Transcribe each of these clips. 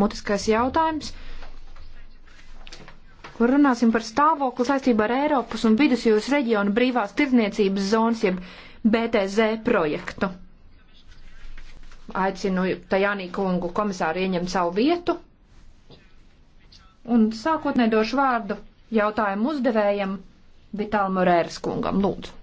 mutiskais jautājums, kur runāsim par stāvokli saistībā ar Eiropas un Vidusjūras reģionu brīvās tirdzniecības zonas, jeb BTZ projektu. Aicinu Tajānī kungu komisāru ieņemt savu vietu un sākotnē došu vārdu jautājumu uzdevējam Vitālam Morēras kungam. Lūdzu.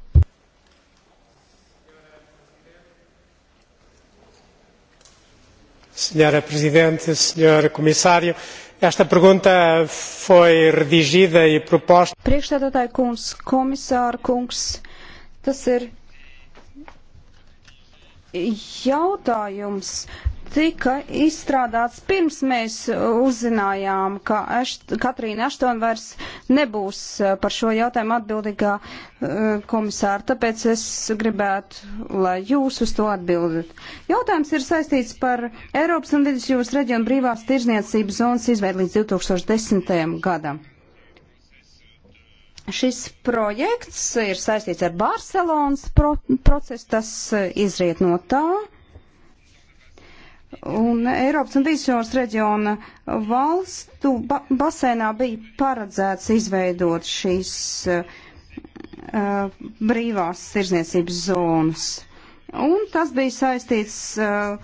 Senhora Presidente, Senhor Comissário, esta pergunta foi redigida e proposta. Priekšstādātāja kungs, komisāra kungs, tas ir jautājums, tika izstrādāts pirms mēs uzzinājām, ka Ešt, Katrīna Aštona vairs nebūs eh, par šo jautājumu atbildīgā eh, komisāra, tāpēc es gribētu, lai jūs uz to atbildat. Jautājums ir saistīts par Eiropas un Vidusjūras reģionu brīvās tirzniecības zonas izveidu līdz 2010. gadam. Šis projekts ir saistīts ar Barcelonas pro procesu, tas eh, izriet no tā Un Eiropas un Vīsjūras reģiona valstu ba basēnā bija paredzēts izveidot šīs uh, brīvās tirzniecības zonas. Un tas bija saistīts uh,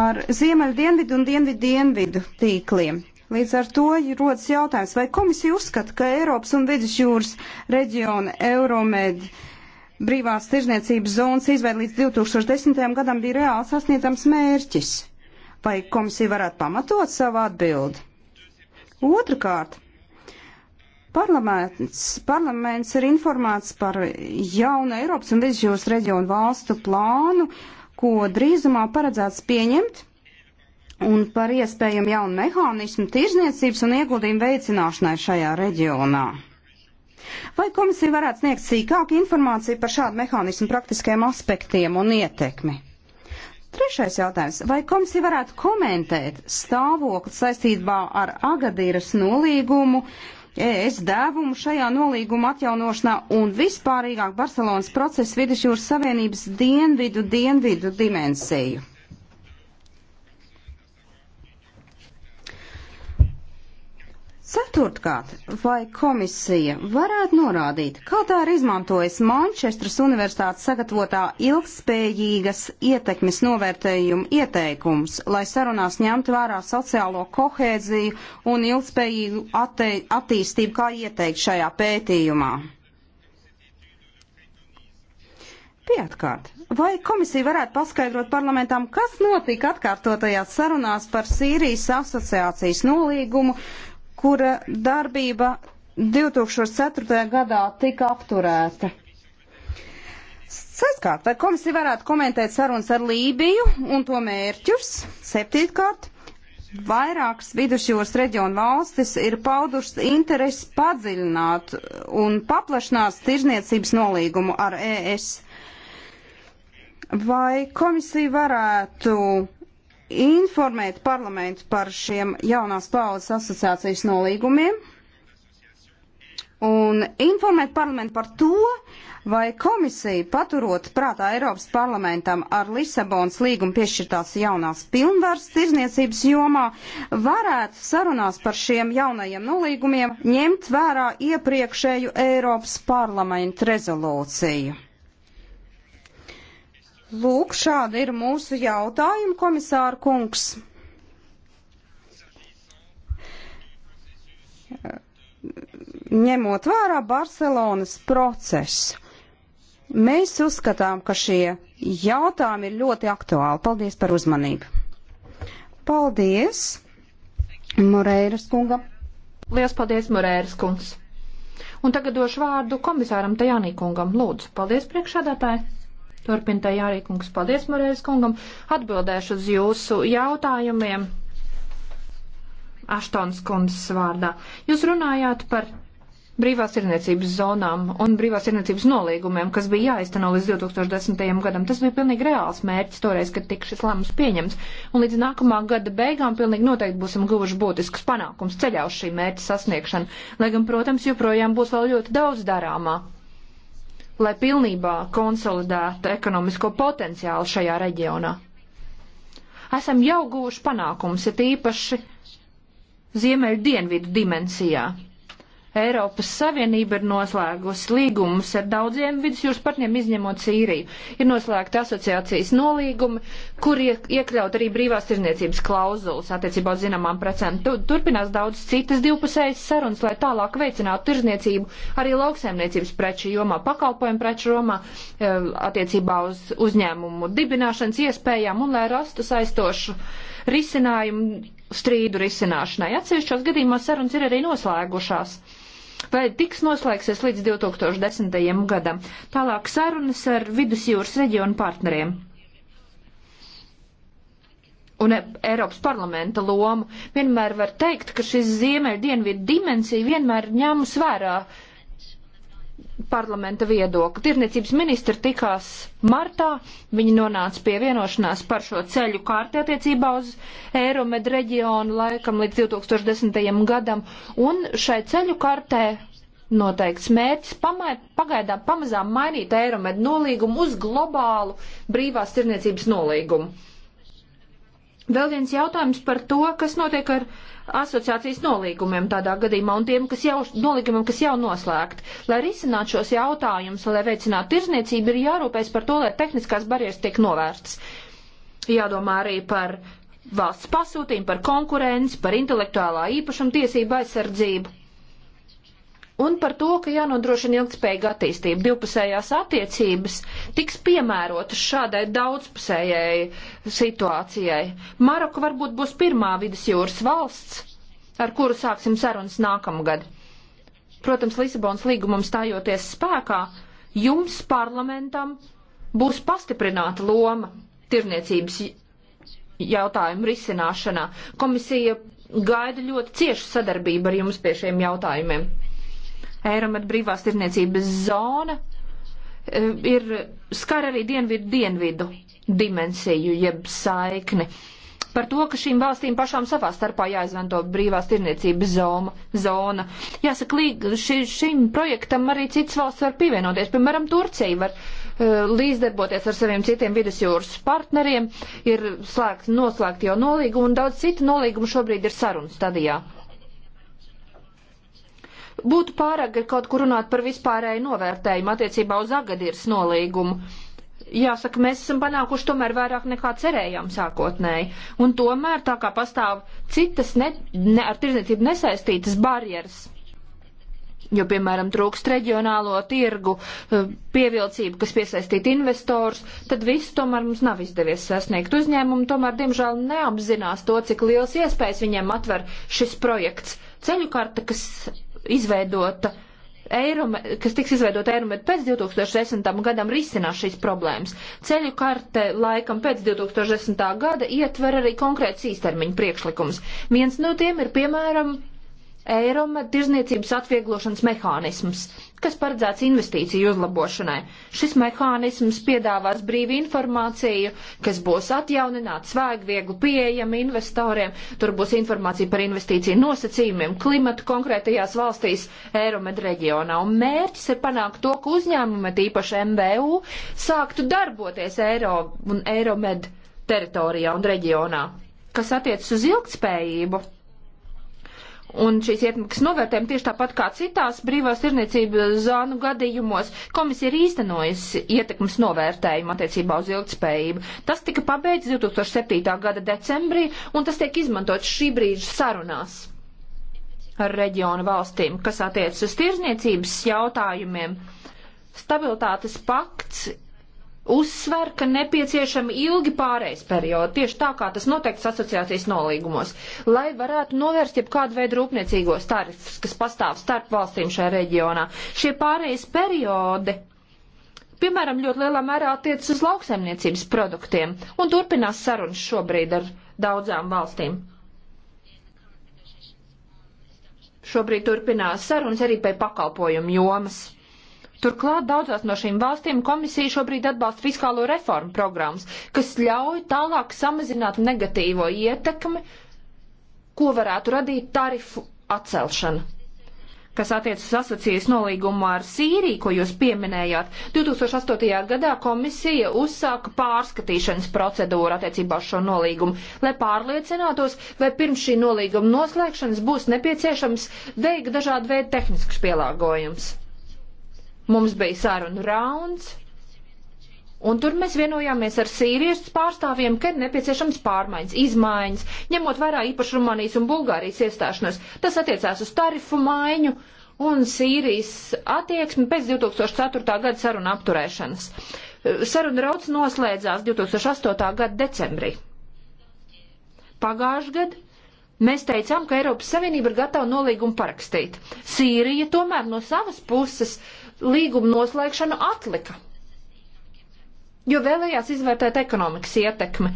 ar ziemeļu dienvidu un dienvidu dienvidu tīkliem. Līdz ar to rodas jautājums, vai komisija uzskata, ka Eiropas un Vidusjūras reģiona Euromed brīvās tirzniecības zonas izveid līdz 2010. gadam bija reāli sasniedzams mērķis vai komisija varētu pamatot savu atbildi? Otrakārt, parlaments, parlaments ir informēts par jaunu Eiropas un Vidusjūras reģionu valstu plānu, ko drīzumā paredzēts pieņemt, un par iespējamu jaunu mehānismu tirzniecības un ieguldījumu veicināšanai šajā reģionā. Vai komisija varētu sniegt sīkāku informāciju par šādu mehānismu praktiskajiem aspektiem un ietekmi? Trešais jautājums. Vai komisija varētu komentēt stāvokli saistībā ar Agadīras nolīgumu, ES dēvumu šajā nolīguma atjaunošanā un vispārīgāk Barcelonas procesu vidusjūras savienības dienvidu, dienvidu dimensiju? Ceturtkārt, vai komisija varētu norādīt, kā tā ir izmantojusi Manchestras Universitātes sagatavotā ilgspējīgas ietekmes novērtējuma ieteikums, lai sarunās ņemtu vērā sociālo kohēziju un ilgspējīgu attīstību, kā ieteikt šajā pētījumā? Piektkārt, vai komisija varētu paskaidrot parlamentam, kas notika atkārtotajās sarunās par Sīrijas asociācijas nolīgumu? kura darbība 2004. gadā tika apturēta. Sestkārt, vai komisija varētu komentēt sarunas ar Lībiju un to mērķus? Septītkārt, vairākas vidusjūras reģionu valstis ir paudušas interesi padziļināt un paplašināt tirzniecības nolīgumu ar ES. Vai komisija varētu informēt parlamentu par šiem jaunās paudzes asociācijas nolīgumiem un informēt parlamentu par to, vai komisija, paturot prātā Eiropas parlamentam ar Lisabonas līgumu piešķirtās jaunās pilnvaras tirzniecības jomā, varētu sarunās par šiem jaunajiem nolīgumiem ņemt vērā iepriekšēju Eiropas parlamentu rezolūciju. Lūk, šādi ir mūsu jautājumi, komisāra kungs. Ņemot vērā Barcelonas procesu, mēs uzskatām, ka šie jautājumi ir ļoti aktuāli. Paldies par uzmanību. Paldies, Morēras kunga. Lielas paldies, Morēras kungs. Un tagad došu vārdu komisāram Tajānī kungam. Lūdzu, paldies priekšādātāji. Turpin tā jārīkungs. Paldies, Moreiz kungam. Atbildēšu uz jūsu jautājumiem. Aštons kundzes vārdā. Jūs runājāt par brīvās tirniecības zonām un brīvās tirniecības nolīgumiem, kas bija jāizteno līdz 2010. gadam. Tas bija pilnīgi reāls mērķis toreiz, kad tika šis lēmums pieņemts. Un līdz nākamā gada beigām pilnīgi noteikti būsim guvuši būtisks panākums ceļā uz šī mērķa sasniegšanu. Lai gan, protams, joprojām būs vēl ļoti daudz darāmā lai pilnībā konsolidētu ekonomisko potenciālu šajā reģionā. Esam jau guvuši panākums, ir ja tīpaši ziemeļu dienvidu dimensijā. Eiropas Savienība ir noslēgusi līgumus ar daudziem vidusjūras partneriem, izņemot Sīriju. Ir noslēgta asociācijas nolīgumi, kur iekļaut arī brīvās tirniecības klauzulas attiecībā uz zināmām precēm. Turpinās daudz citas divpusējas sarunas, lai tālāk veicinātu tirzniecību arī lauksaimniecības preču jomā, pakalpojumu preču jomā, eh, attiecībā uz uzņēmumu dibināšanas iespējām un lai rastu saistošu risinājumu strīdu risināšanai. Atsevišķos gadījumos sarunas ir arī noslēgušās vai tiks noslēgsies līdz 2010. gadam. Tālāk sarunas ar vidusjūras reģionu partneriem un e- Eiropas parlamenta lomu. Vienmēr var teikt, ka šis ziemeļdienvidu dimensija vienmēr ņēmus vērā uh, parlamenta viedokli. Tirniecības ministri tikās martā, viņi nonāca pie vienošanās par šo ceļu kārti attiecībā uz Eiromed reģionu laikam līdz 2010. gadam, un šai ceļu kartē noteikts mērķis pamai, pagaidām pamazām mainīt Eiromed nolīgumu uz globālu brīvās tirniecības nolīgumu. Vēl viens jautājums par to, kas notiek ar asociācijas nolīgumiem tādā gadījumā un tiem, kas jau, nolīgumiem, kas jau noslēgt. Lai risinātu šos jautājumus, lai veicinātu tirzniecību, ir jārūpēs par to, lai tehniskās barjeras tiek novērstas. Jādomā arī par valsts pasūtījumu, par konkurenci, par intelektuālā īpašuma tiesību aizsardzību un par to, ka jānodrošina ilgspējīga attīstība. Divpusējās attiecības tiks piemērotas šādai daudzpusējai situācijai. Maroka varbūt būs pirmā vidusjūras valsts, ar kuru sāksim sarunas nākamgad. Protams, Lisabonas līgumam stājoties spēkā, jums parlamentam būs pastiprināta loma tirniecības jautājumu risināšanā. Komisija gaida ļoti ciešu sadarbību ar jums pie šiem jautājumiem. Eiromet brīvās tirniecības zona e, ir skar arī dienvidu dienvidu dimensiju, jeb saikni. Par to, ka šīm valstīm pašām savā starpā jāizvento brīvās tirniecības zoma, zona. Jāsaka, ši, šim projektam arī cits valsts var pievienoties. Piemēram, Turcija var uh, līdzdarboties ar saviem citiem vidusjūras partneriem, ir slēgt, noslēgt jau nolīgumu un daudz citu nolīgumu šobrīd ir sarunu stadijā. Būtu pārāk kaut kur runāt par vispārēju novērtējumu attiecībā uz Agadirs nolīgumu. Jāsaka, mēs esam panākuši tomēr vairāk nekā cerējām sākotnēji. Un tomēr tā kā pastāv citas ne, ne, ar tirdzniecību nesaistītas barjeras, jo, piemēram, trūkst reģionālo tirgu, eh, pievilcību, kas piesaistītu investors, tad viss tomēr mums nav izdevies sasniegt. Uzņēmumi tomēr, diemžēl, neapzinās to, cik liels iespējas viņiem atver šis projekts. Ceļu karta, kas izveidota Eirome, kas tiks izveidota Eiromet pēc 2010. gadam risinās šīs problēmas. Ceļu karte laikam pēc 2010. gada ietver arī konkrēts īstermiņa priekšlikums. Viens no tiem ir, piemēram, Eiroma tirzniecības atvieglošanas mehānisms, kas paredzēts investīciju uzlabošanai. Šis mehānisms piedāvās brīvu informāciju, kas būs atjaunināta, svēg viegli pieejama investoriem. Tur būs informācija par investīciju nosacījumiem, klimatu konkrētajās valstīs, Eiromed reģionā. Un mērķis ir panākt to, ka uzņēmumi, tīpaši MBU, sāktu darboties Eiro un Eiromed teritorijā un reģionā. Kas attiecas uz ilgtspējību? Un šīs ietekmes novērtējumi tieši tāpat kā citās brīvās tirniecības zānu gadījumos komisija ir īstenojusi ietekmes novērtējumu attiecībā uz ilgtspējību. Tas tika pabeigts 2007. gada decembrī un tas tiek izmantots šī brīža sarunās ar reģionu valstīm, kas attiecas uz tirzniecības jautājumiem. Stabilitātes pakts uzsver, ka nepieciešami ilgi pārējais periodi, tieši tā kā tas noteikts asociācijas nolīgumos, lai varētu novērst jebkādu veidu rūpniecīgos tarifus, kas pastāv starp valstīm šajā reģionā. Šie pārējais periodi, piemēram, ļoti lielā mērā attiecas uz lauksaimniecības produktiem un turpinās sarunas šobrīd ar daudzām valstīm. Šobrīd turpinās sarunas arī pie pakalpojumu jomas. Turklāt daudzās no šīm valstīm komisija šobrīd atbalsta fiskālo reformu programmas, kas ļauj tālāk samazināt negatīvo ietekmi, ko varētu radīt tarifu atcelšana. Kas attiecas asociācijas nolīgumā ar Sīriju, ko jūs pieminējāt, 2008. gadā komisija uzsāka pārskatīšanas procedūru attiecībā uz šo nolīgumu, lai pārliecinātos, vai pirms šī nolīguma noslēgšanas būs nepieciešams veikt dažādu veidu tehniskus pielāgojumus. Mums bija sarunu rauns, Un tur mēs vienojāmies ar sīriešu pārstāvjiem, ka ir nepieciešams pārmaiņas, izmaiņas, ņemot vērā īpaši Rumānijas un Bulgārijas iestāšanos. Tas attiecās uz tarifu maiņu un Sīrijas attieksmi pēc 2004. gada saruna apturēšanas. Saruna rauds noslēdzās 2008. gada decembrī. Pagājuši gadu mēs teicām, ka Eiropas Savienība ir gatava nolīgumu parakstīt. Sīrija tomēr no savas puses uh, līguma noslēgšanu atlika, jo vēlējās izvērtēt ekonomikas ietekmi,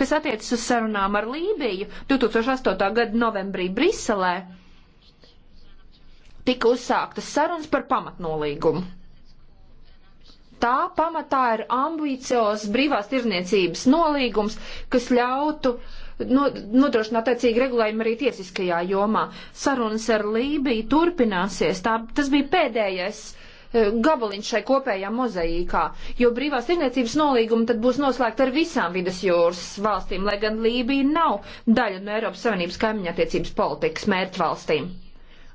kas attiecas uz sarunām ar Lībiju 2008. gada novembrī Briselē. Tika uzsāktas sarunas par pamatnolīgumu. Tā pamatā ir ambiciozs brīvās tirzniecības nolīgums, kas ļautu no, nodrošināt attiecīgi regulējumu arī tiesiskajā jomā. Sarunas ar Lībiju turpināsies. Tā, tas bija pēdējais E, gabaliņš šai kopējā mozaīkā, jo brīvās tirniecības nolīguma tad būs noslēgta ar visām vidas jūras valstīm, lai gan Lībija nav daļa no Eiropas Savienības kaimiņattiecības politikas mērķvalstīm.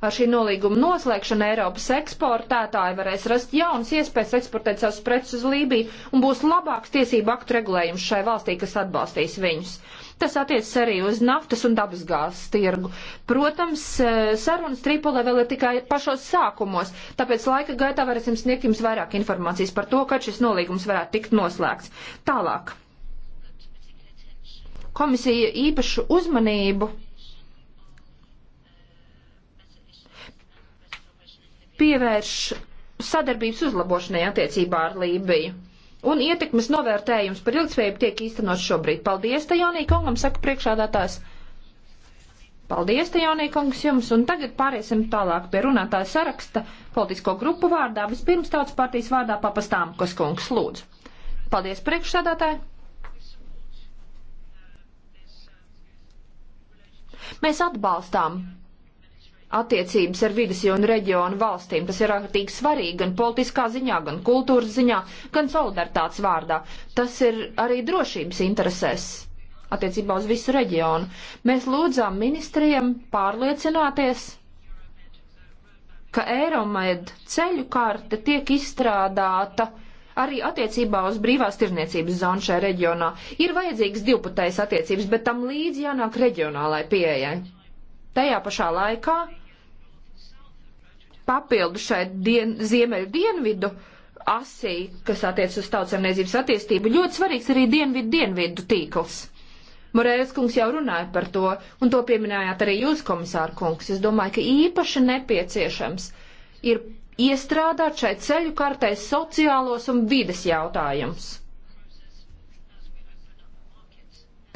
Ar šī nolīguma noslēgšanu Eiropas eksportētāji varēs rast jaunas iespējas eksportēt savus preces uz Lībiju un būs labāks tiesību aktu regulējums šai valstī, kas atbalstīs viņus. Tas attiecas arī uz naftas un dabasgāzes tirgu. Protams, e, sarunas Tripolē vēl ir tikai pašos sākumos, tāpēc laika gaitā varēsim sniegt jums vairāk informācijas par to, kad šis nolīgums varētu tikt noslēgts. Tālāk. Komisija īpašu uzmanību pievērš sadarbības uzlabošanai attiecībā ar Lībiju un ietekmes novērtējums par ilgspējību tiek īstenots šobrīd. Paldies, Tajānī kungam, saka priekšādātājs. Paldies, Tajānī kungs, jums, un tagad pāriesim tālāk pie runātāja saraksta politisko grupu vārdā. Vispirms tautas partijas vārdā papastām, kas kungs lūdz. Paldies, priekšādātāji. Mēs atbalstām attiecības ar vidusjūru un reģionu valstīm. Tas ir ārkārtīgi svarīgi gan politiskā ziņā, gan kultūras ziņā, gan solidaritātes vārdā. Tas ir arī drošības interesēs attiecībā uz visu reģionu. Mēs lūdzām ministriem pārliecināties, ka Eiromed ceļu karte tiek izstrādāta arī attiecībā uz brīvās tirniecības zonu šajā reģionā. Ir vajadzīgas divputējas attiecības, bet tam līdzi jānāk reģionālai pieejai. Tajā pašā laikā papildu šai dien, ziemeļu dienvidu asī, kas attiec uz tautsemniecības attīstību, ļoti svarīgs arī dienvidu dienvidu tīkls. Morēras kungs jau runāja par to, un to pieminējāt arī jūs, komisāra kungs. Es domāju, ka īpaši nepieciešams ir iestrādāt šai ceļu kartē sociālos un vides jautājumus.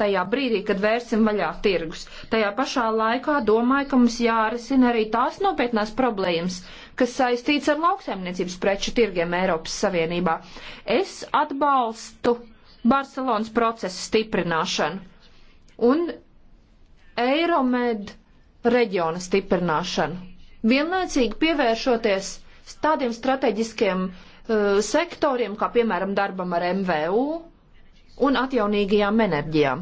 tajā brīdī, kad vērsim vaļā tirgus. Tajā pašā laikā domāju, ka mums jārisina arī tās nopietnās problēmas, kas saistīts ar lauksaimniecības preču tirgiem Eiropas Savienībā. Es atbalstu Barcelonas procesa stiprināšanu un Eiromed reģiona stiprināšanu, vienlaicīgi pievēršoties tādiem strateģiskiem uh, sektoriem, kā piemēram darbam ar MVU, un atjaunīgajām enerģijām.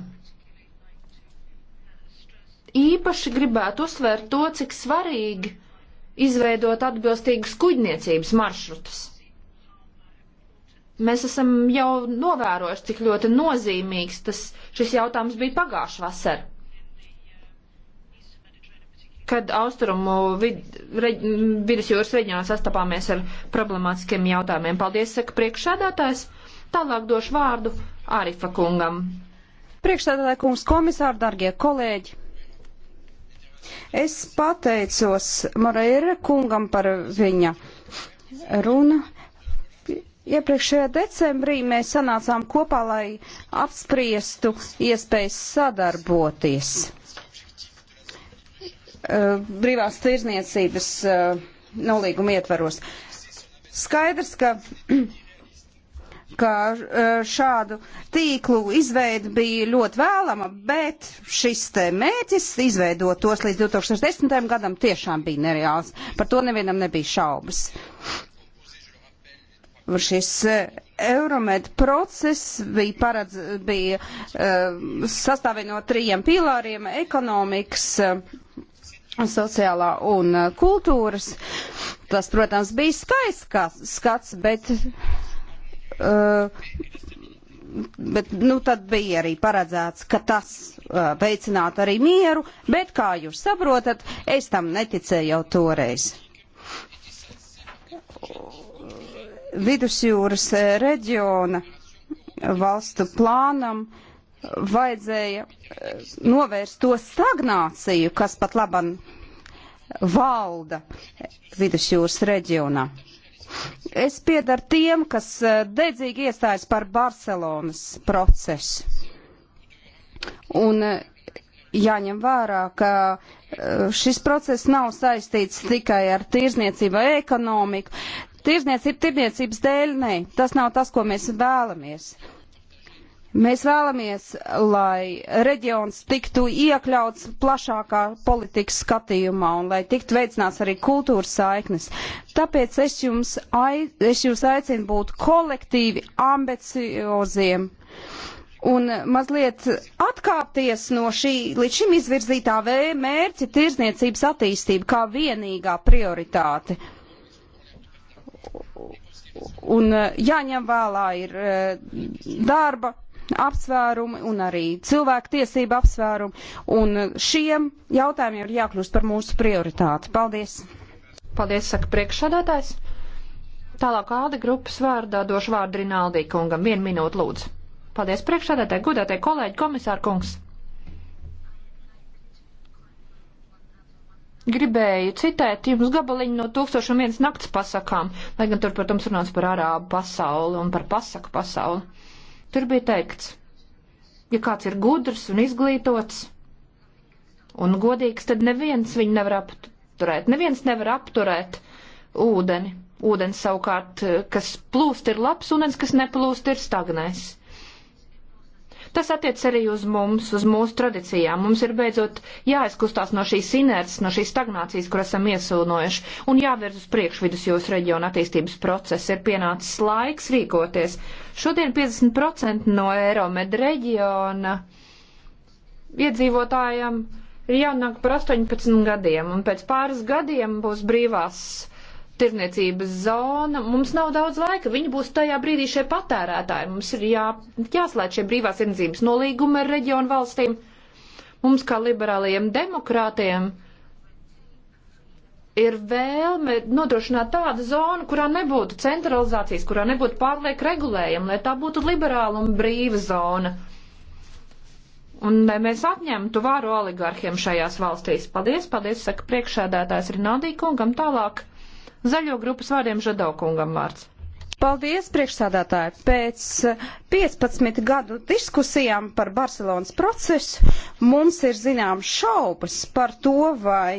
Īpaši gribētu uzsvērt to, cik svarīgi izveidot atbilstīgus kuģniecības maršrutus. Mēs esam jau novērojuši, cik ļoti nozīmīgs tas, šis jautājums bija pagājušā vasarā kad austrumu vid, reģ, vidusjūras reģionā sastapāmies ar problemātiskiem jautājumiem. Paldies, saka priekšsēdētājs. Tālāk došu vārdu Arifa kungam. Priekšstādātāja kungs komisāri, dargie kolēģi! Es pateicos Moreira kungam par viņa runu. Iepriekšējā decembrī mēs sanācām kopā, lai apspriestu iespējas sadarboties eh, brīvās tirzniecības eh, nolīguma ietvaros. Skaidrs, ka ka e, šādu tīklu izveida bija ļoti vēlama, bet šis te mēķis izveidot tos līdz 2010. gadam tiešām bija nereāls. Par to nevienam nebija šaubas. Šis e, Euromed process bija, paredz, bija e, sastāvī no trījiem pīlāriem - ekonomikas, sociālā un kultūras. Tas, protams, bija skaists skats, bet Eh, bet nu, tad bija arī paredzēts, ka tas uh, veicinātu arī mieru, bet, kā jūs saprotat, es tam neticēju jau toreiz. Vidusjūras eh, reģiona valstu plānam vajadzēja novērst to stagnāciju, kas pat laban valda vidusjūras reģionā. Es piedaru tiem, kas eh, dedzīgi iestājas par Barcelonas procesu. Un eh, jāņem vērā, ka eh, šis process nav saistīts tikai ar tirzniecību vai ekonomiku. Tirzniecība tirzniecības dēļ, nē, tas nav tas, ko mēs vēlamies. Mēs vēlamies, lai reģions tiktu iekļauts plašākā politikas skatījumā un lai tiktu veicināts arī kultūras saiknes. Tāpēc es jums, ai, es jūs aicinu būt kolektīvi ambicioziem un mazliet atkāpties no šī līdz šim izvirzītā mērķa tirzniecības attīstība kā vienīgā prioritāte un eh, jāņem vērā ir eh, darba apsvērumi un arī cilvēku tiesību apsvērumi, un eh, šiem jautājumiem ir jākļūst par mūsu prioritāti. Paldies! Paldies, saka priekšsādātājs. Tālāk kāda grupas vārdā došu vārdu Rinaldī kungam. Vienu minūtu lūdzu. Paldies priekšsādātāji, gudātāji kolēģi, komisāra kungs. gribēju citēt jums gabaliņu no 1001 nakts pasakām, lai gan tur, protams, runāts par arābu pasauli un par pasaku pasauli. Tur bija teikts, ja kāds ir gudrs un izglītots un godīgs, tad neviens viņu nevar apturēt. Neviens nevar apturēt ūdeni. Ūdens savukārt, eh, kas plūst, ir labs, ūdens, kas neplūst, ir stagnēs. Tas attiec arī uz mums, uz mūsu tradicijām. Mums ir beidzot jāizkustās no šīs inerces, no šīs stagnācijas, kur esam iesūnojuši, un jāvērz uz priekšvidus jūsu reģiona attīstības procesa. Ir pienācis laiks rīkoties. Šodien 50% no Eiromed reģiona iedzīvotājiem ir jānāk par 18 gadiem, un pēc pāris gadiem būs brīvās tirniecības zona, mums nav daudz laika, viņi būs tajā brīdī šie patērētāji, mums ir jā, jāslēdz šie brīvās tirniecības nolīgumi ar reģionu valstīm. Mums kā liberālajiem demokrātiem ir vēlme nodrošināt tādu zonu, kurā nebūtu centralizācijas, kurā nebūtu pārlieku regulējumi, lai tā būtu liberāla un brīva zona. Un lai mēs atņemtu vāru oligarhiem šajās valstīs. Paldies, paldies, saka priekšsēdētājs Rinaldī kungam tālāk. Zaļo grupas vārdiem Žadaukungam vārds. Paldies, priekšsādātāji! Pēc 15 eh, gadu diskusijām par Barcelonas procesu mums ir zināmas šaubas par to, vai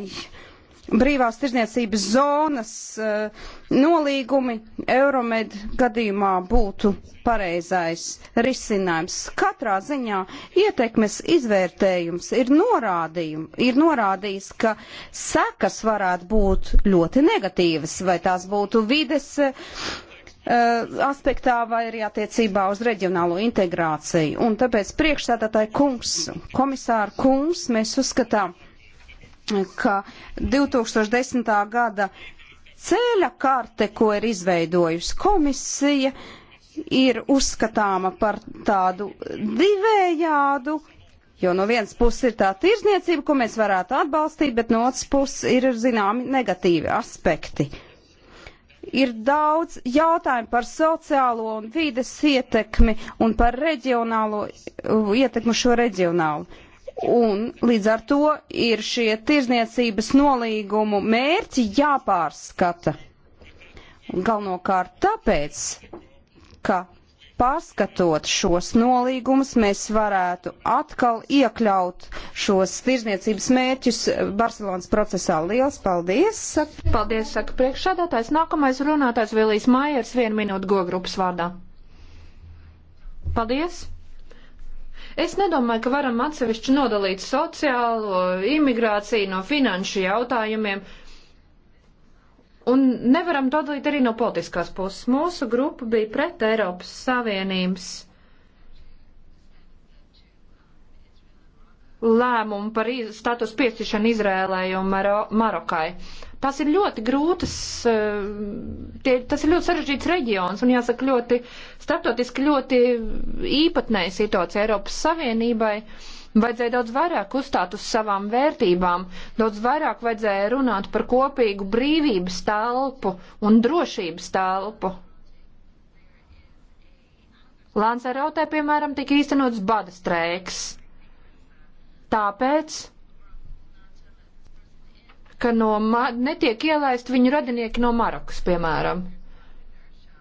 brīvās tirdzniecības zonas eh, nolīgumi Euromed gadījumā būtu pareizais risinājums. Katrā ziņā ietekmes izvērtējums ir, ir norādījis, ka sekas varētu būt ļoti negatīvas, vai tās būtu vides eh, aspektā vai arī attiecībā uz reģionālo integrāciju. Un tāpēc priekšsēdētāji kungs, komisāra kungs, mēs uzskatām, ka 2010. gada ceļa karte, ko ir izveidojusi komisija, ir uzskatāma par tādu divējādu, jo no vienas puses ir tā tirzniecība, ko mēs varētu atbalstīt, bet no otras puses ir zināmi negatīvi aspekti. Ir daudz jautājumu par sociālo un vīdes ietekmi un par reģionālo uh, ietekmu šo reģionālu Un līdz ar to ir šie tirzniecības nolīgumu mērķi jāpārskata. Galvenokārt tāpēc, ka pārskatot šos nolīgumus, mēs varētu atkal iekļaut šos tirzniecības mērķus Barcelonas procesā. Liels paldies! Saka. Paldies, saka priekšsādātājs. Nākamais runātājs Vilijas Maiers, vienu minūtu gogrupas vārdā. Paldies! Es nedomāju, ka varam atsevišķi nodalīt sociālo imigrāciju no finanšu jautājumiem. Un nevaram to dalīt arī no politiskās puses. Mūsu grupa bija pret Eiropas Savienības lēmumu par status piešķiršanu Izrēlai un Maro Marokai. Tas ir ļoti grūtas, eh, tie, tas ir ļoti sarežģīts reģions un jāsaka ļoti starptautiski ļoti īpatnēja situācija Eiropas Savienībai. Vajadzēja daudz vairāk uzstāt uz savām vērtībām, daudz vairāk vajadzēja runāt par kopīgu brīvības telpu un drošības telpu. Lāns ar rautē, piemēram, tika īstenots bada streiks Tāpēc, ka no netiek ielaist viņu radinieki no Marokas, piemēram.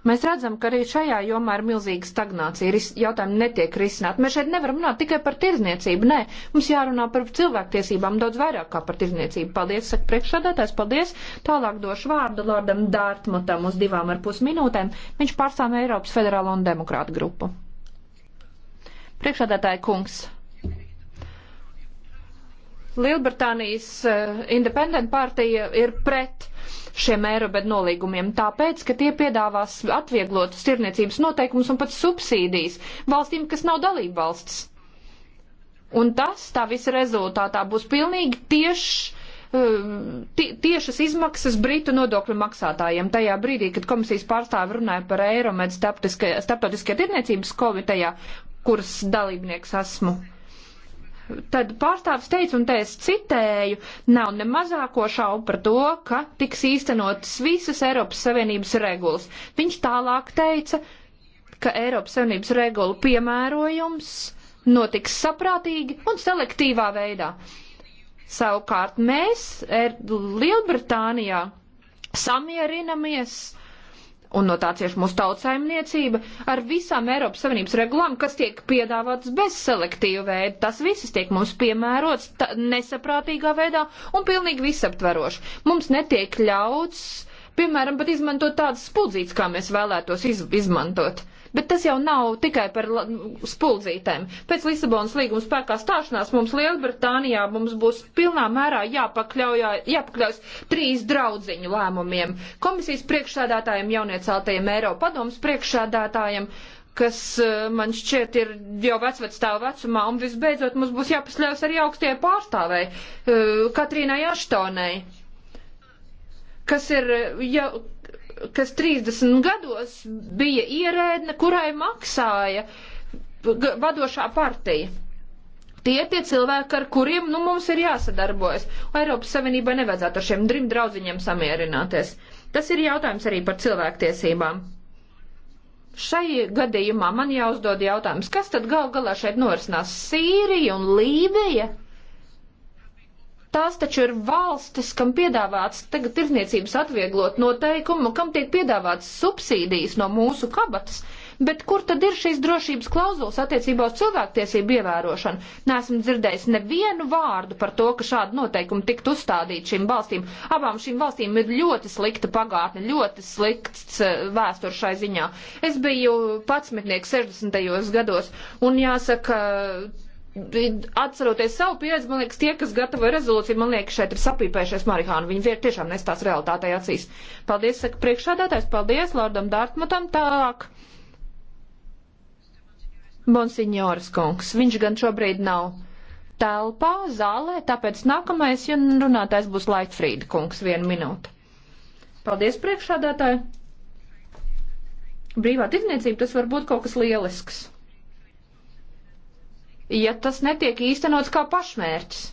Mēs redzam, ka arī šajā jomā ir milzīga stagnācija, ris, jautājumi netiek risināti. Mēs šeit nevaram runāt tikai par tirzniecību, nē, mums jārunā par cilvēktiesībām daudz vairāk kā par tirzniecību. Paldies, saka priekšsādātājs, paldies. Tālāk došu vārdu Lordam Dārtmutam uz divām ar pus minūtēm. Viņš pārstāv Eiropas federālo un demokrātu grupu. Priekšsādātāja kungs. Lielbritānijas uh, Independent partija ir pret šiem Eirobedu nolīgumiem, tāpēc, ka tie piedāvās atvieglot tirniecības noteikumus un pat subsīdijas valstīm, kas nav dalība valsts. Un tas tā visa rezultātā būs pilnīgi tieši eh, tiešas izmaksas Britu nodokļu maksātājiem. Tajā brīdī, kad komisijas pārstāvi runāja par Eiromedu starptautiskajā tirniecības komitejā, kuras dalībnieks esmu tad pārstāvis teica, un te es citēju, nav ne mazāko šaubu par to, ka tiks īstenotas visas Eiropas Savienības regulas. Viņš tālāk teica, ka Eiropas Savienības regulu piemērojums notiks saprātīgi un selektīvā veidā. Savukārt mēs er, Lielbritānijā samierinamies un no tā cieši mūsu tautsaimniecība, ar visām Eiropas Savienības regulām, kas tiek piedāvātas bez selektīva veida. Tas viss tiek mums piemērots tā, nesaprātīgā veidā un pilnīgi visaptveroši. Mums netiek ļauts, piemēram, pat izmantot tādas spudzītas, kā mēs vēlētos iz izmantot. Uh, Bet tas jau nav tikai par spuldzītēm. Pēc Lisabonas līguma spēkā stāšanās mums Lielbritānijā mums būs pilnā mērā jāpakļaujas trīs draudziņu lēmumiem. Komisijas priekšsādātājiem, jaunieceltajiem Eiropadomas priekšsādātājiem kas eh, man šķiet ir jau vecvecstāvu vecumā, un visbeidzot mums būs jāpasļaus arī augstie pārstāvēji, eh, Katrīnai Aštonai, kas ir, ja, kas 30 gados bija ierēdne, kurai maksāja vadošā partija. Tie tie cilvēki, ar kuriem nu, mums ir jāsadarbojas. Eiropas Savienībai nevajadzētu ar šiem trim draudzīņiem samierināties. Tas ir jautājums arī par cilvēktiesībām. Šai gadījumā man jāuzdod jautājums, kas tad gal galā šeit norisinās Sīrija un Lībija? Tās taču ir valstis, kam piedāvāts tagad tirzniecības atvieglot noteikumu, kam tiek piedāvāts subsīdijas no mūsu kabatas. Bet kur tad ir šīs drošības klauzulas attiecībā uz cilvēktiesību ievērošanu? Nesmu dzirdējis nevienu vārdu par to, ka šāda noteikuma tiktu uzstādīta šīm valstīm. Abām šīm valstīm ir ļoti slikta pagātne, ļoti slikts eh, vēstur šai ziņā. Es biju patsmetnieks 60. gados, un jāsaka, Atceroties savu pieredzi, man liekas, tie, kas gatavoja rezolūciju, man liekas, šeit ir sapīpējušies marihānu. Viņi tiešām nestās realitātei acīs. Paldies, saka priekšādātājs, paldies Lordam Dārtmatam tālāk. Monsignoras kungs, viņš gan šobrīd nav telpā, zālē, tāpēc nākamais ja runātājs būs Laitfrīda kungs, viena minūte. Paldies priekšādātāji. Brīvā tirdzniecība tas var būt kaut kas lielisks ja tas netiek īstenots kā pašmērķis.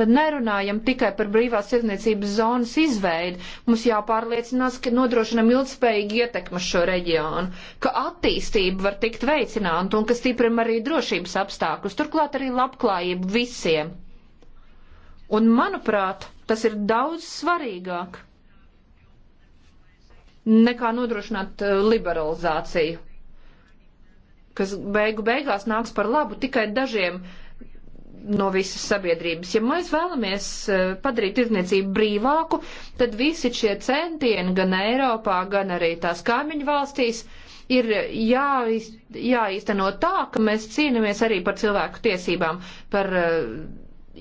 Tad nerunājam tikai par brīvās tirdzniecības zonas izveidi. Mums jāpārliecinās, ka nodrošinam ilgspējīgi ietekmas šo reģionu, ka attīstība var tikt veicināta un ka stipram arī drošības apstākļus, turklāt arī labklājību visiem. Un manuprāt, tas ir daudz svarīgāk nekā nodrošināt eh, liberalizāciju kas beigu beigās nāks par labu tikai dažiem no visas sabiedrības. Ja mēs vēlamies eh, padarīt tirdzniecību brīvāku, tad visi šie centieni gan Eiropā, gan arī tās kaimiņu valstīs ir jā, jāīsteno tā, ka mēs cīnāmies arī par cilvēku tiesībām, par eh,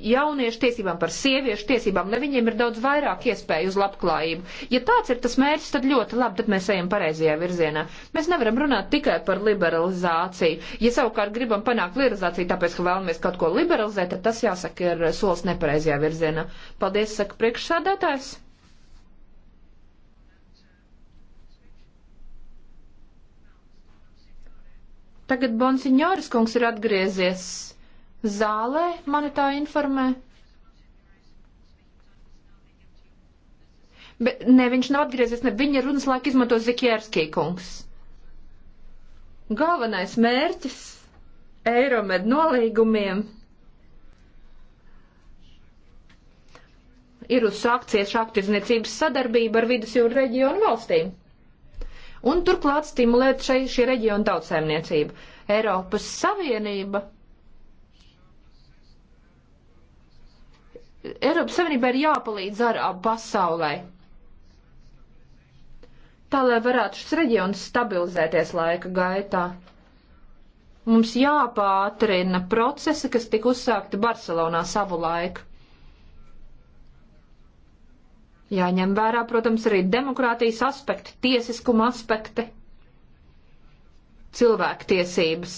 jauniešu tiesībām, par sieviešu tiesībām, lai viņiem ir daudz vairāk iespēju uz labklājību. Ja tāds ir tas mērķis, tad ļoti labi, tad mēs ejam pareizajā virzienā. Mēs nevaram runāt tikai par liberalizāciju. Ja savukārt gribam panākt liberalizāciju, tāpēc, ka vēlamies kaut ko liberalizēt, tad tas jāsaka ir solis nepareizajā virzienā. Paldies, saka priekšsādātājs. Tagad Bonsignoris kungs ir atgriezies zālē, mani tā informē. Bet ne, viņš nav atgriezies, ne viņa runas laiku izmanto Zikierskī kungs. Galvenais mērķis Eiromed nolīgumiem ir uzsākt ciešāk tirzniecības sadarbību ar vidusjūru reģionu valstīm. Un turklāt stimulēt šai šī reģiona tautsēmniecību. Eiropas Savienība Eiropas Savienībai ir jāpalīdz arābu pasaulē, tā lai varētu šis reģions stabilizēties laika gaitā. Mums jāpātrina procesi, kas tika uzsākti Barcelonā savu laiku. Jāņem vērā, protams, arī demokrātijas aspekti, tiesiskuma aspekti, cilvēktiesības.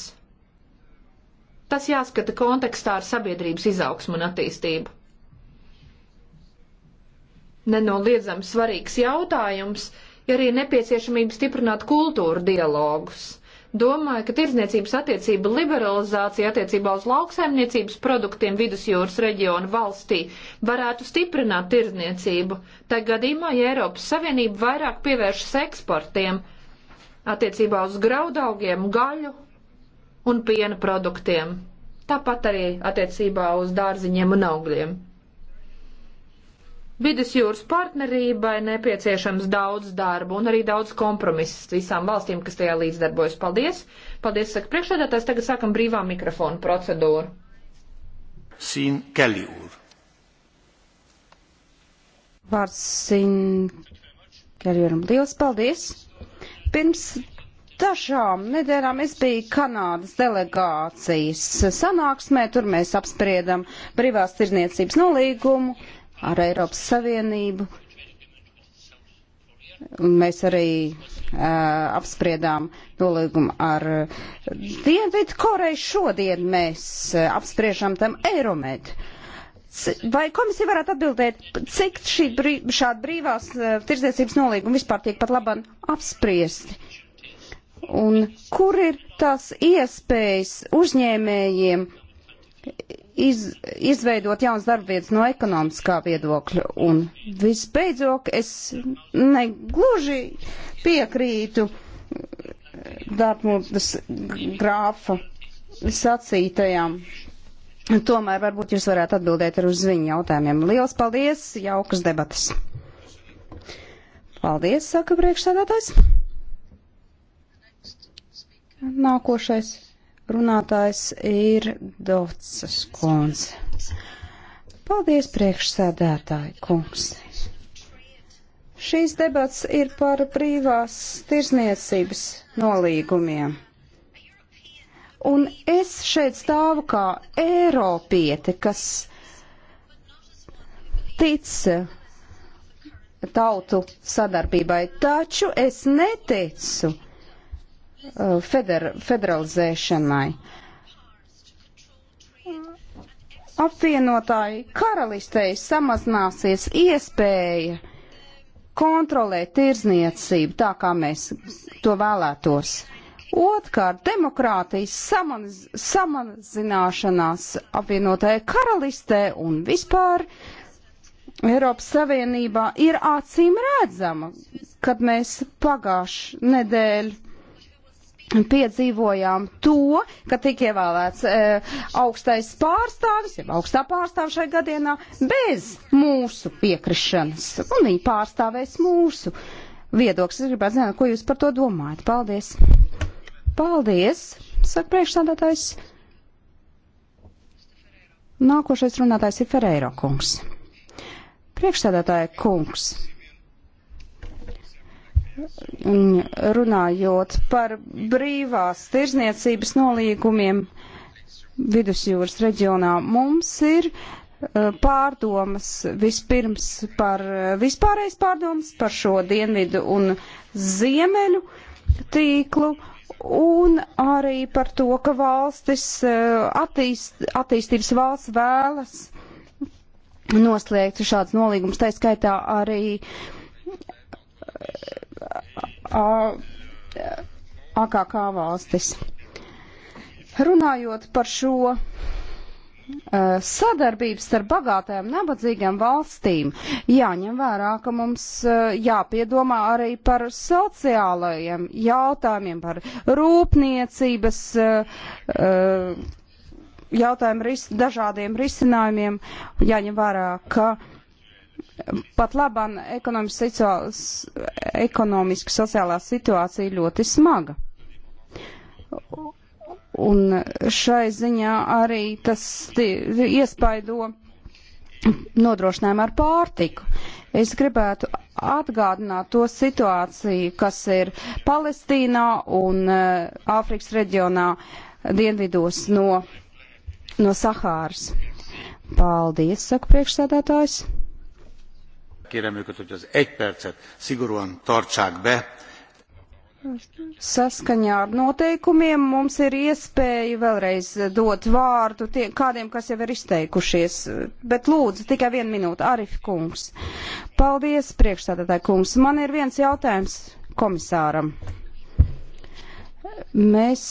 Tas jāskata kontekstā ar sabiedrības izaugsmu un attīstību nenoliedzami svarīgs jautājums, ja arī nepieciešamība stiprināt kultūru dialogus. Domāju, ka tirdzniecības attiecība liberalizācija attiecībā uz lauksaimniecības produktiem vidusjūras reģiona valstī varētu stiprināt tirdzniecību. Tā gadījumā, ja Eiropas Savienība vairāk pievēršas eksportiem attiecībā uz graudaugiem, gaļu un piena produktiem, tāpat arī attiecībā uz dārziņiem un augļiem. Vidus jūras partnerībai nepieciešams daudz darba un arī daudz kompromiss visām valstīm, kas tajā līdzdarbojas. Paldies! Paldies, saka priekšsēdētājs. Tagad sākam brīvā mikrofona procedūru. Sīn Kelly ur. Vārds Sīn Kelly uram. Liels paldies! Pirms dažām nedēļām es biju Kanādas delegācijas sanāksmē, tur mēs apspriedam privās tirniecības nolīgumu ar Eiropas Savienību. Mēs arī uh, apspriedām nolīgumu ar uh, Dienvidu Koreju. Šodien mēs uh, apspriežam tam Eiromedu. Vai komisija varētu atbildēt, cik šī brī, šāda brīvās uh, tirdzniecības nolīguma vispār tiek pat labam apspriesti? Un kur ir tās iespējas uzņēmējiem uh, iz, izveidot jaunas darbvietas no ekonomiskā viedokļa. Un visbeidzot, es negluži piekrītu Dārtmūtas grāfa sacītajām. Tomēr varbūt jūs varētu atbildēt ar uz viņu jautājumiem. Lielas paldies, jaukas debatas. Paldies, saka priekšsēdētājs. Nākošais. Runātājs ir Dotsas Kons. Paldies, priekšsēdētāji, kungs. Šīs debats ir par brīvās tirzniecības nolīgumiem. Un es šeit stāvu kā Eiropiete, kas tic tautu sadarbībai, taču es neticu Uh, feder, federalizēšanai. Apvienotāji karalistei samazināsies iespēja kontrolēt tirzniecību tā, kā mēs to vēlētos. Otkārt, demokrātijas samaz, samazināšanās apvienotāja karalistē un vispār Eiropas Savienībā ir acīm redzama, kad mēs pagājuši nedēļu piedzīvojām to, ka tika ievēlēts e, augstais pārstāvis, jau augstā pārstāvis šai gadienā, bez mūsu piekrišanas, un viņi pārstāvēs mūsu viedokli. Es gribētu zināt, ko jūs par to domājat. Paldies! Paldies, saka priekšstādātājs. Nākošais runātājs ir Ferēro kungs. Priekšstādātāja kungs runājot par brīvās tirzniecības nolīgumiem vidusjūras reģionā, mums ir uh, pārdomas vispirms par uh, vispārreiz pārdomas par šo dienvidu un ziemeļu tīklu un arī par to, ka valstis, uh, attīst, attīstības valsts vēlas noslēgt šāds nolīgums, tā skaitā arī AKK valstis. Runājot par šo e, sadarbības ar bagātajām, nabadzīgām valstīm, jāņem vērā, ka mums e, jāpiedomā arī par sociālajiem jautājumiem, par rūpniecības e, jautājumu ris dažādiem risinājumiem, jāņem vērā, ka Pat labam ekonomiski sociālā situācija ļoti smaga. Un šai ziņā arī tas iespaido nodrošinājumu ar pārtiku. Es gribētu atgādināt to situāciju, kas ir Palestīnā un eh, Āfrikas reģionā dienvidos no, no Sahāras. Paldies, saka priekšsēdētājs kérem őket, hogy az egy percet szigorúan tartsák be. Saskaņā ar noteikumiem mums ir iespēja vēlreiz dot vārdu tie, kādiem, kas jau ir izteikušies, bet lūdzu tikai vienu minūtu, Arif kungs. Paldies, priekšstādātāji kungs. Man ir viens jautājums komisāram. Mēs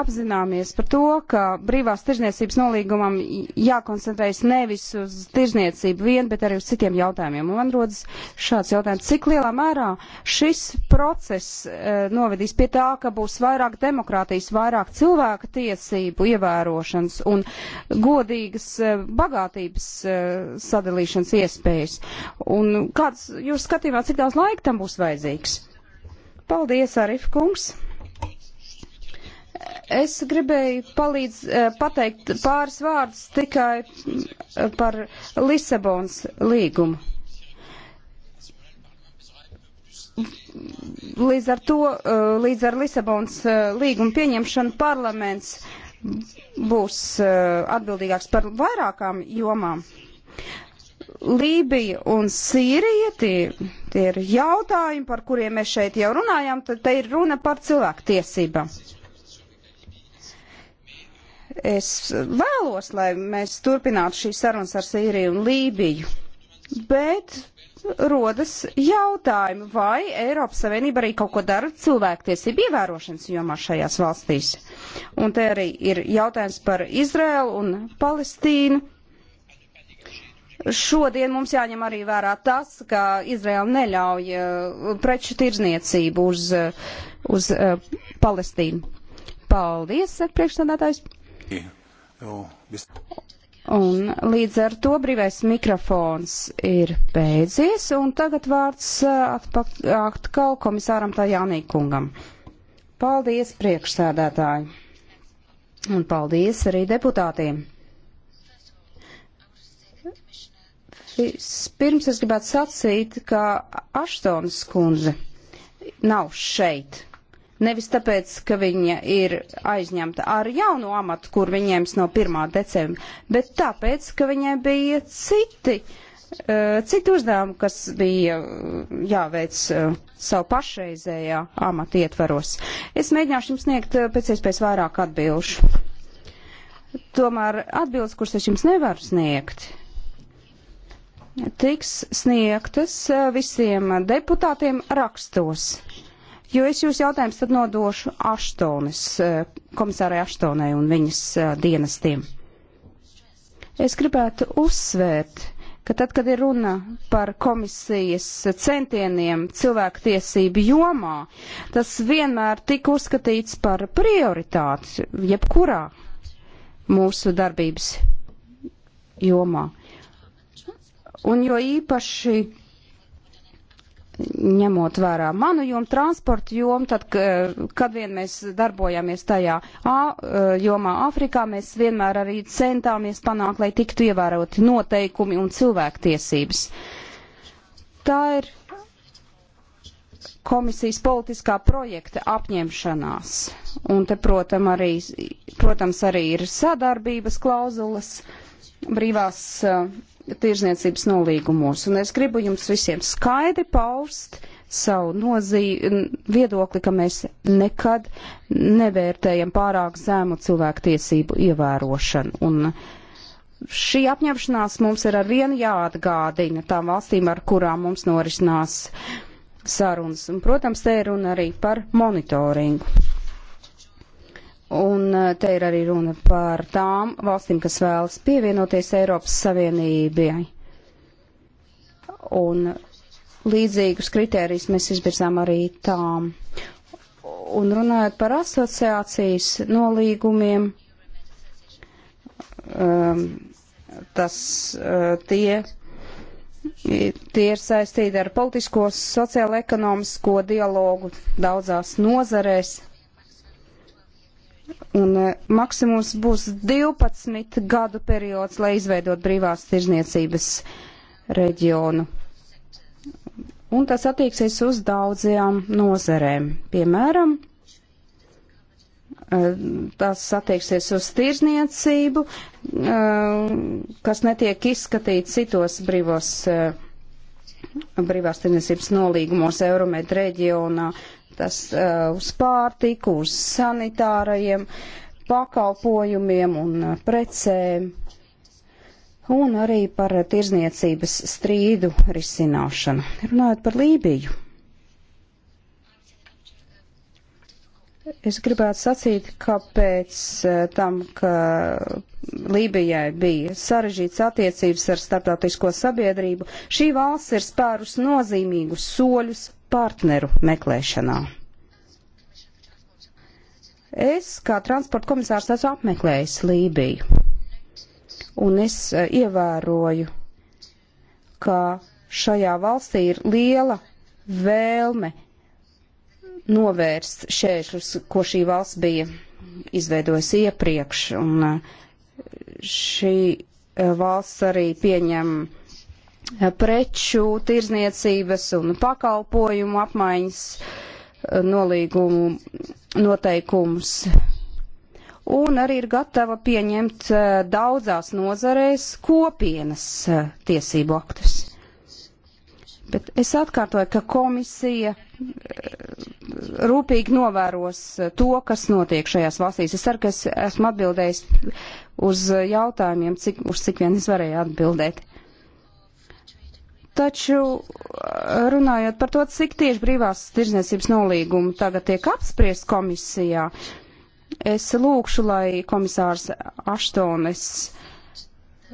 apzināmies par to, ka brīvās tirzniecības nolīgumam jākoncentrējas nevis uz tirzniecību vien, bet arī uz citiem jautājumiem. Un man rodas šāds jautājums, cik lielā mērā šis process eh, novedīs pie tā, ka būs vairāk demokrātijas, vairāk cilvēka tiesību ievērošanas un godīgas eh, bagātības eh, sadalīšanas iespējas. Un kāds jūs skatījumā, cik daudz laika tam būs vajadzīgs? Paldies, Arif kungs! Es gribēju palīdz, eh, pateikt pāris vārdus tikai eh, par Lisabons līgumu. Līdz ar to, eh, līdz ar Lisabons līgumu pieņemšanu parlaments būs atbildīgāks par vairākām jomām. Lībija un Sīrija, tie, tie ir jautājumi, par kuriem mēs šeit jau runājām, tad te ir runa par cilvēktiesībām. Es vēlos, lai mēs turpinātu šīs sarunas ar Sīriju un Lībiju, bet rodas jautājumi, vai Eiropas Savienība arī kaut ko dara cilvēktiesību ievērošanas jomā šajās valstīs. Un te arī ir jautājums par Izrēlu un Palestīnu. Šodien mums jāņem arī vērā tas, ka Izraela neļauj uh, preču tirzniecību uz, uh, uz uh, Palestīnu. Paldies, priekšstādātājs! Un līdz ar to brīvais mikrofons ir beidzies, un tagad vārds eh, atkal komisāram Tajānīkungam. Paldies priekšsēdētāji, un paldies arī deputātiem. Pirms es gribētu sacīt, ka Aštons kundze nav šeit Nevis tāpēc, ka viņa ir aizņemta ar jaunu amatu, kur viņa ņems no 1. decembra, bet tāpēc, ka viņai bija citi, eh, citi uzdevumi, kas bija eh, jāveic eh, savu pašreizējā amatu ietvaros. Es mēģināšu jums sniegt pēc iespējas vairāk atbilžu. Tomēr atbildes, kuras es jums nevaru sniegt, tiks sniegtas visiem deputātiem rakstos. Jo es jūs jautājumus tad nodošu Aštonis, eh, komisārai Aštonai un viņas eh, dienestiem. Es gribētu uzsvērt, ka tad, kad ir runa par komisijas centieniem cilvēku tiesību jomā, tas vienmēr tika uzskatīts par prioritāti jebkurā mūsu darbības jomā. Un jo īpaši ņemot vērā manu jomu, transportu jomu, tad, kad vien mēs darbojāmies tajā a, jomā Āfrikā, mēs vienmēr arī centāmies panākt, lai tiktu ievēroti noteikumi un cilvēktiesības. Tā ir komisijas politiskā projekta apņemšanās. Un te, protam, arī, protams, arī ir sadarbības klauzulas brīvās uh, tirzniecības nolīgumos. Un es gribu jums visiem skaidri paust savu nozī, viedokli, ka mēs nekad nevērtējam pārāk zēmu cilvēku tiesību ievērošanu. Un šī apņemšanās mums ir ar vienu jāatgādina tām valstīm, ar kurām mums norisinās sarunas. Un, protams, te ir runa arī par monitoringu. Un eh, te ir arī runa par tām valstīm, kas vēlas pievienoties Eiropas Savienībai. Un līdzīgus kritērijus mēs izvirzām arī tām. Un runājot par asociācijas nolīgumiem, um, tas uh, tie tie ir saistīti ar politisko, sociālo, ekonomisko dialogu daudzās nozarēs. Un eh, maksimums būs 12 gadu periods, lai izveidot brīvās tirzniecības reģionu. Un tas attieksies uz daudzajām nozerēm. Piemēram, eh, tas attieksies uz tirzniecību, eh, kas netiek izskatīts citos brīvos, brīvās tirzniecības nolīgumos Euromed reģionā, tas uh, uz pārtiku, uz sanitārajiem pakalpojumiem un eh, precēm, un arī par tirzniecības strīdu risināšanu. Runājot par Lībiju, es gribētu sacīt, ka pēc eh, tam, ka Lībijai bija sarežģīts attiecības ar starptautisko sabiedrību, šī valsts ir spērus nozīmīgus soļus partneru meklēšanā. Es kā transporta komisārs esmu apmeklējis Lībiju, un es eh, ievēroju, ka šajā valstī ir liela vēlme novērst šķēršļus, ko šī valsts bija izveidojusi iepriekš, un eh, šī eh, valsts arī pieņem uh, preču tirzniecības un pakalpojumu apmaiņas eh, nolīgumu noteikumus. Un arī ir gatava pieņemt eh, daudzās nozarēs kopienas eh, tiesību aktus. Bet es atkārtoju, ka komisija rūpīgi novēros to, kas notiek šajās valstīs. Es ceru, ka es esmu atbildējis uz jautājumiem, cik, uz cik vien es varēju atbildēt. Taču eh, runājot par to, cik tieši brīvās tirzniecības nolīgumi tagad tiek apspriest komisijā, es lūkšu, lai komisārs Aštonis uh,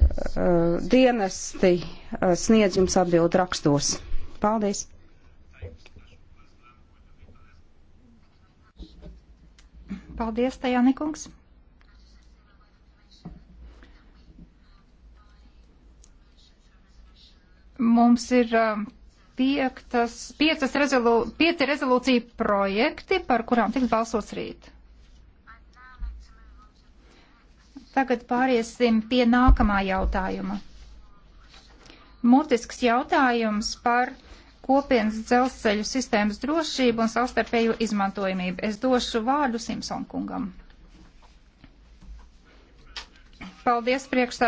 eh, dienesti uh, sniedz jums atbildi rakstos. Paldies! Paldies, Tajanikungs! Mums ir um, piektas, piecas rezolū, pieci rezolūcija projekti, par kurām tiks balsots rīt. Tagad pāriesim pie nākamā jautājuma. Mutisks jautājums par kopienas dzelzceļu sistēmas drošību un savstarpējo izmantojamību. Es došu vārdu Simpson kungam. Paldies priekšstādā.